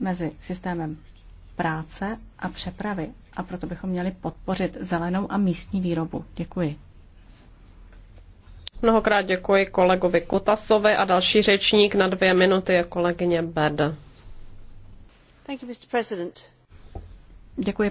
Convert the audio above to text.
mezi systémem práce a přepravy a proto bychom měli podpořit zelenou a místní výrobu. Děkuji. Mnohokrát děkuji kolegovi Kutasovi a další řečník na dvě minuty je kolegyně Bed. Děkuji,